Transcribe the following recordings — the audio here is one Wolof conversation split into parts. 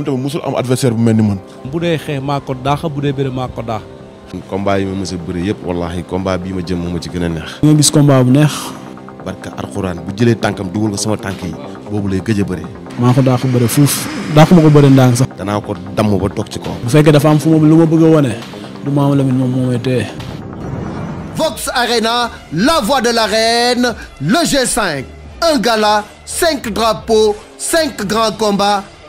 moom tamit mosul am adversaire bu mel ni man. bu dee xeex maa ko daax bu dee bëre maa ko daax. combat yi ma mës a bëri yëpp wallaahi combat bii ma jëm moo ma ci gën a neex. nga gis combat bu neex. barka alxuraan bu jëlee tànkam dugal ko sama tànk yi boobu lay gëj a bëri. maa ko daax bëri fuuf daax ko bëri ndànk sax. danaa ko damm ba toog ci kaw. a la voix de l'arène le G5 un gala cinq drapeaux cinq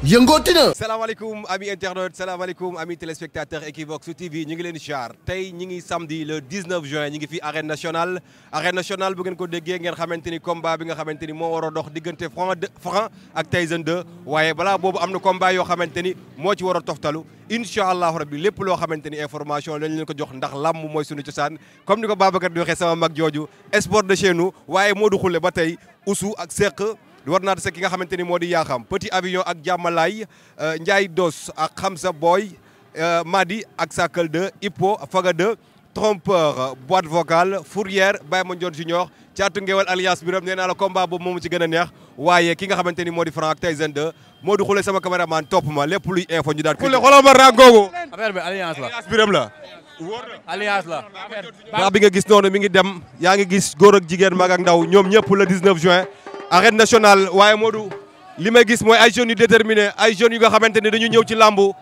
yëngooti na salaamaaleykum ami internaute salaamaaleykum ami téléspectateur Equivox TV ñu ngi leen char tey ñi ngi samedi le 19 juin ñi ngi fi arène nationale arène nationale bu ngeen ko déggee ngeen xamante ni combat bi nga xamante ni moo war a dox diggante Franc Franc ak Tyson 2 waaye balaa boobu am na combat yoo xamante ni moo ci war a toftalu incha allahu rabbi lépp loo xamante ni information lañ leen ko jox ndax làmb mooy sunu cosaan comme ni ko Babacar di waxee sama mag jooju sport de chez waaye moo du xulle ba tey usu ak seq war naa tase ki nga xamante ni moo di Yakham Petit Avignon ak Diamalaye euh, Ndiaye Dos ak Hamza Boy euh, Madi ak Sakal 2 Hippo Faga 2 Trompeur boîte vocale Fourrière Baye Mandione Junior caatu ngeewal alliance biram nee naa la combat boobu moomu ci gën a neex waaye ki nga xamante ni moo di Franc ak Tyson 2 moo di xule sama caméraman topp ma lépp luy info ñu daal xule xoolal ma raag googu affaire bi alliance la alliance biram la a na bi nga gis noonu mi ngi dem yaa ngi gis góor ak jigéen mag ndaw ñoom ñëpp le 19 juin arène nationale waaye Modou li may gis mooy ay jeunes yu déterminé ay jeunes yu nga xamante ni dañu ñëw ci làmbu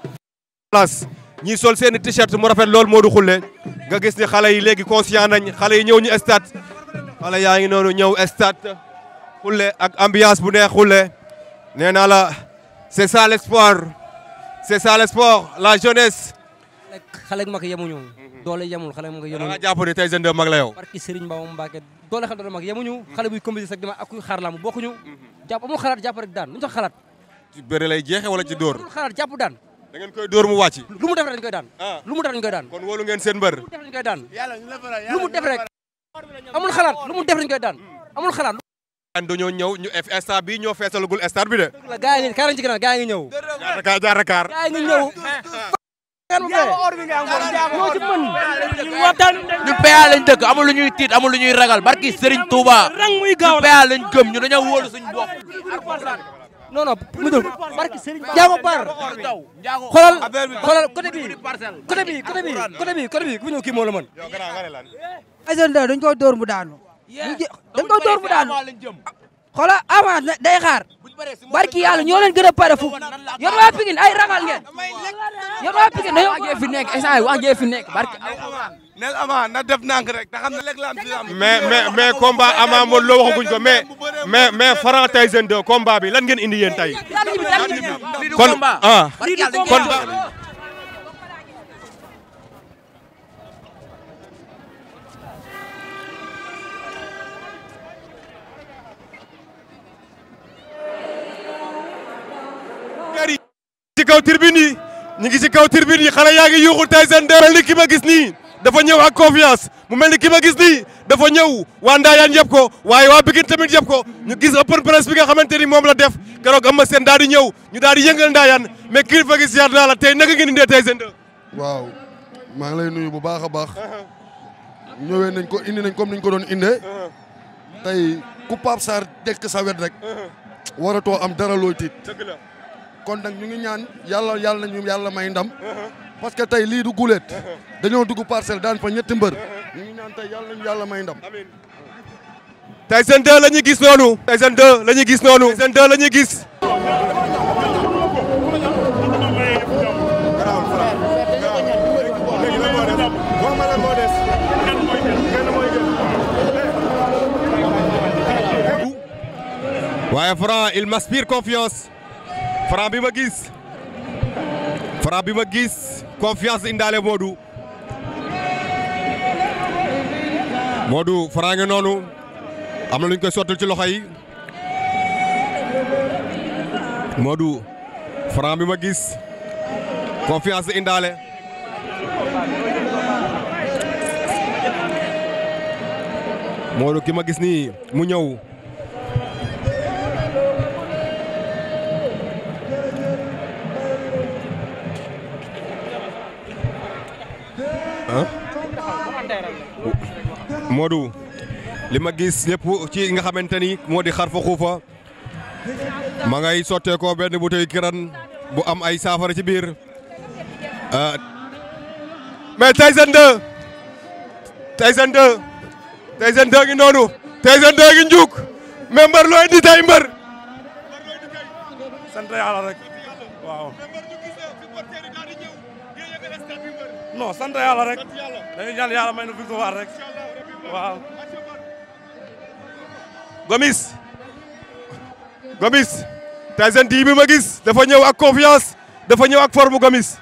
place ñi sol seen i t-shirt mu rafet lool Modou Khoule nga gis ni xale yi léegi conscient nañ xale yi ñëw ni stade xale yaa ngi noonu ñëw stade Khoule ak ambiance bu neex Khoule nee naa la c'est ça l'espoir c'est ça l'espoir la jeunesse xale ak mag yemuñu mhm. doole yemul xale ak mag yemuñu da nga jàpp ne tey Tyson doole xale doole mag yemuñu mhm. xale buy compétition sax dama ak xaar lamb bokkuñu mhm. amul xalaat jàpp rek daan lu ñu sax xalaat lay jeexe wala ci dóor amul xalaat jàpp daan koy dóor mu wàcc lu mu def rek koy daan ah. lu mu def amul xalaat lu mu def dañ koy daan mm. amul xalaat an dañoo ñëw ñu stade bi ñoo feesalagul bi de gaay yi kaa ci ginnaaw gaay yi ñëw ñun PA lañ dëkk amul lu ñuy tiit amul lu ñuy ragal barki Serigne Touba ñun PA lañ gëm ñu dañoo wóolu suñu bopp. non non mu dul barki Serigne Njaago Paar xoolal xoolal côté bi côté bi côté bi côté bi côté bi ku ñëw kii moo la mën. agenda dañ ko door mu daanu. dañ ko door mu daanu xoolal avant day xaar. barki yàlla ñoo a pare fu yéen waa Pikine ay ragal ngeen yéen waa Pikine dañoo wax jee fi nekk barki nel ama na def nank la am mais ama mo loo waxaguñ ko mais mais mais Franc Tyson 2 bi lan ngeen indi yéen tey kon ah kon ñu ngi si kaw tribune yi xale yaa ngi yuuxu Tyson 2 mel ni ki a gis nii dafa ñëw ak confiance mu mel ni ki ma gis nii dafa ñëw waa Ndayane yëpp ko waaye waa Pikine tamit yëpp ko ñu gis open press bi nga xamante ni moom la def keroog am na seen daal di ñëw ñu daal di yëngal Ndayane mais kilifa gis siyaat naa la tey naka ngeen indee Tyson 2. waaw maa ngi lay nuyu bu baax a baax. ñëwee nañ ko indi nañ comme niñ ko doon indee. tey ku Pape Sarr dekk sa wet rek. Uh-huh. waratoo am dara looy tiit. kon nag ñu ngi ñaan yàlla yàlla nañu yàlla may ndam parce que tey lii du guleet dañoo dugg parcelle daan fa ñetti mbër ñu ngi ñaan tey yàlla nañu yàlla may ndam Tyson 2 gis noonu Tyson 2 la gis noonu Tyson 2 la ñu gis waaye Franc il m'inspire confiance Franc bi ma gis Franc bi ma gis confiance indaale Modou Modou Franc ngi noonu am na lu ñu koy sottil ci loxo yi Modou Franc bi ma gis confiance indaale Modou ki ma gis nii mu ñëw Modou li ma gis lépp ci nga xamante ni moo di xar fa xuufa ma ngay sotteekoo benn bouteille kiran bu am ay saafara ci biir euh, mais Tyson 2 Tyson 2 Tyson 2 ngi noonu Tyson 2 ngi njuuk mais mbër looy di tay mbër non sant yàlla rek dañuy ñaan yàlla may nu victoire rek waaw. Gomis Gomis Tyson 2 bi ma gis dafa ñëw ak confiance dafa ñëw ak forme Gomis.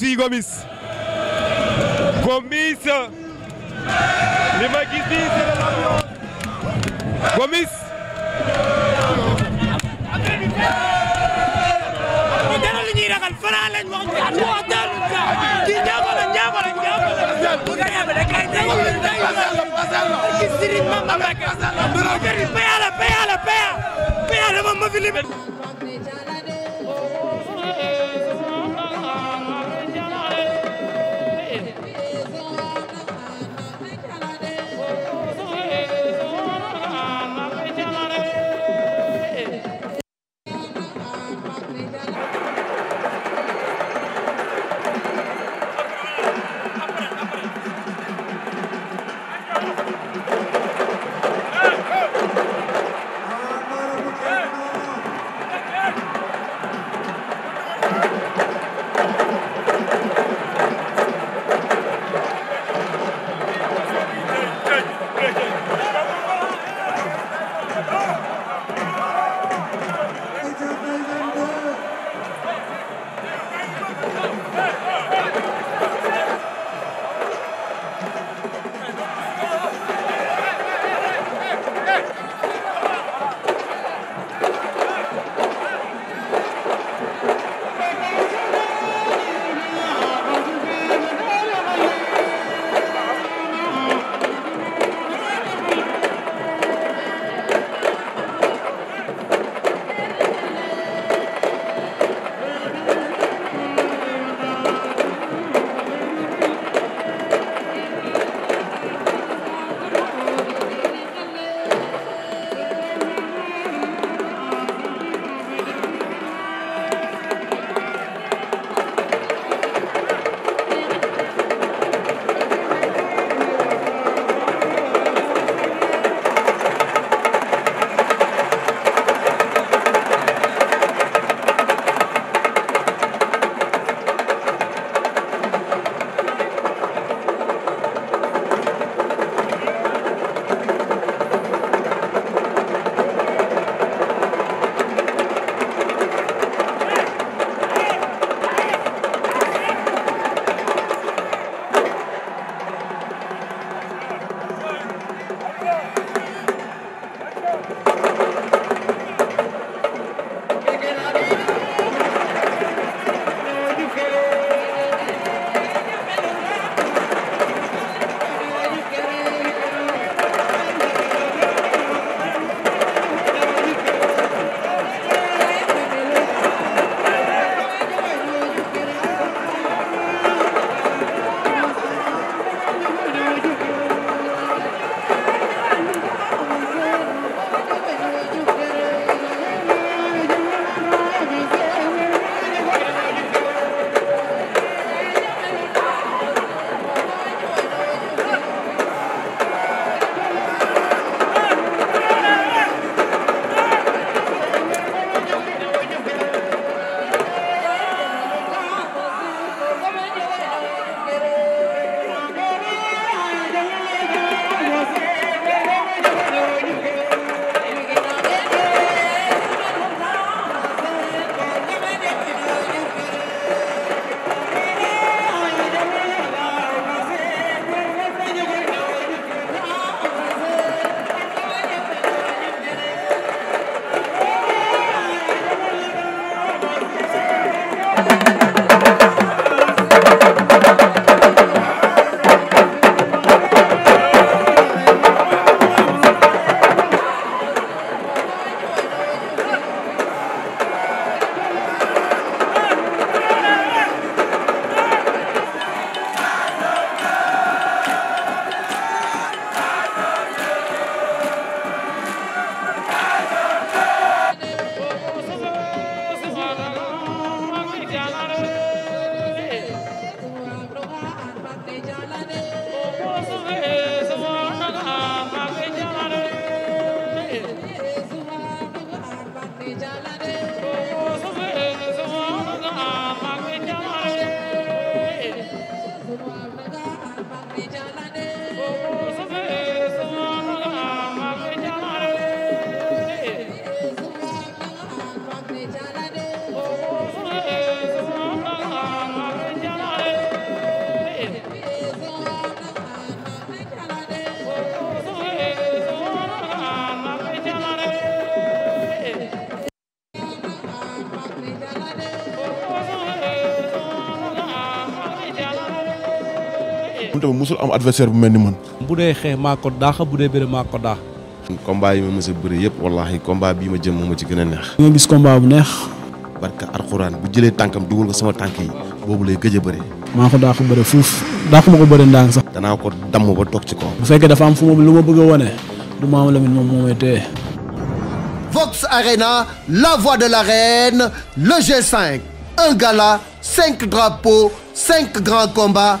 fii Gomis Gomis li ma gis nii c'est de l'ambiance Gomis dara lu ñuy ragal Franc lañ wax wax dalu sa ci jaabala jaabala jaabala xam tamit mosul am adversaire bu mel ni man. bu dee xee maa ko daax bu dee bëre maa ko daax. combat yi ma mës a bëri yëpp wallaahi combat bii ma jëm moo ma ci gën a neex. nga gis combat bu neex. barka alxuraan bu jëlee tànkam dugal ko sama tànk yi boobu lay gëj a bëri. maa ko daax bëri fuuf daax ma ko bëri ndànk sax. danaa ko damm ba toog ci kaw. bu fekkee dafa am fu mu lu ma bëgg a wane du maam Lamine moom moo may téye. Vox Arena la voix de l'arène le G5 un gala cinq drapeaux cinq grands combats.